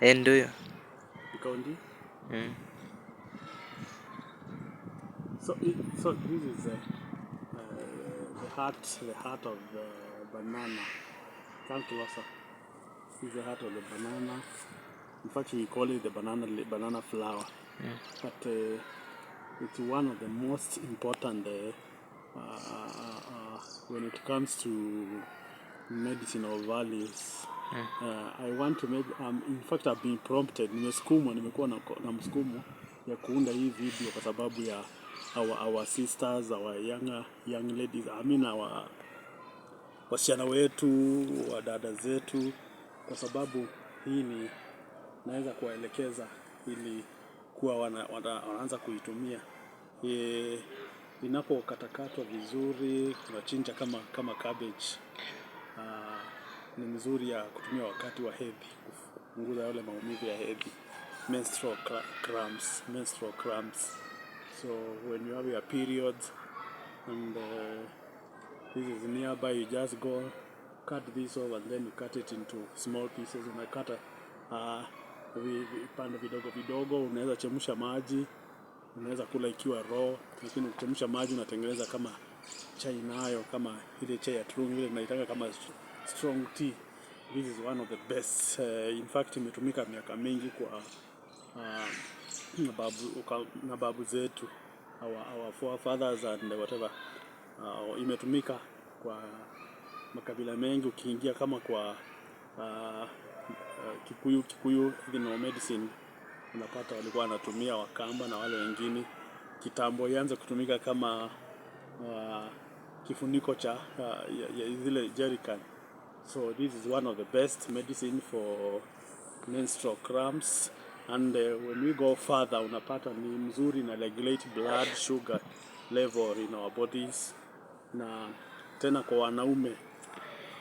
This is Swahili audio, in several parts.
endo eh, ndio Mkaundi? Mm. So, so this is the, uh, the heart, the heart of the banana. Come closer. This is the heart of the banana. In fact, we call it the banana, banana flower. Mm. But uh, it's one of the most important uh, uh, uh, uh when it comes to medicinal values Uh, I want to make, um, in fact I've been prompted, nimesukumwa, nimekuwa na, na msukumo ya kuunda hii video kwa sababu ya our, our sisters, our young, young ladies, I mean our wasichana wetu, dada zetu, kwa sababu hii ni naweza kuwaelekeza ili kuwa wana, wana, wanaanza kuitumia e, inapokatakatwa vizuri tunachinja kama kama cabbage. Uh, ni mzuri ya kutumia wakati wa hedhi kupunguza yale maumivu ya hedhi menstrual cramps menstrual cramps so when you have your periods and uh, this is nearby you just go cut this off and then you cut it into small pieces unakata uh, vipande vidogo vidogo unaweza chemsha maji unaweza kula ikiwa raw lakini ukichemsha maji unatengeneza kama chai nayo kama ile chai ya turungi ile tunaitaka kama strong tea. This is one of the best. Uh, in fact imetumika miaka mingi kwa uh, na babu, na babu zetu our, our forefathers and whatever uh, imetumika kwa makabila mengi ukiingia kama kwa uh, uh, Kikuyu, Kikuyu no medicine unapata walikuwa wanatumia Wakamba na wale wengine kitambo, ianze kutumika kama uh, kifuniko cha uh, ya, ya zile jerrycan So this is one of the best medicine for menstrual cramps and uh, when we go further unapata ni mzuri na regulate blood sugar level in our bodies, na tena kwa wanaume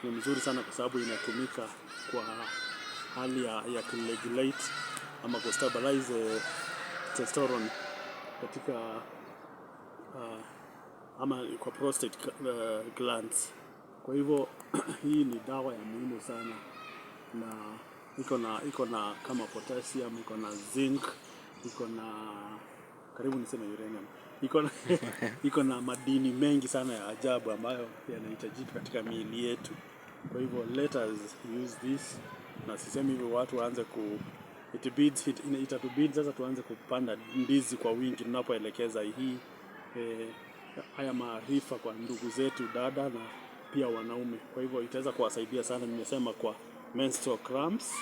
ni mzuri sana kwa sababu inatumika kwa hali ya, ya kuregulate ama kustabilize eh, testosterone katika uh, ama kwa prostate uh, glands. Kwa hivyo hii ni dawa ya muhimu sana na iko na iko na kama potassium, iko na zinc, iko na karibu niseme uranium, iko na iko na madini mengi sana ya ajabu ambayo yanahitajika katika miili yetu. Kwa hivyo let us use this, na sisemi hivyo watu waanze ku it beads it, beads. sasa tuanze kupanda ndizi kwa wingi tunapoelekeza hii eh, haya maarifa kwa ndugu zetu dada na pia wanaume. Kwa hivyo itaweza kuwasaidia sana, nimesema kwa menstrual cramps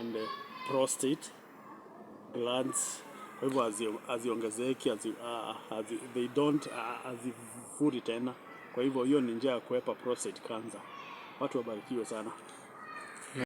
and eh, prostate glands. Kwa hivyo haziongezeki, ah, ah, they don't, ah, hazivuri tena. Kwa hivyo hiyo ni njia ya kuepa prostate cancer. Watu wabarikiwe sana.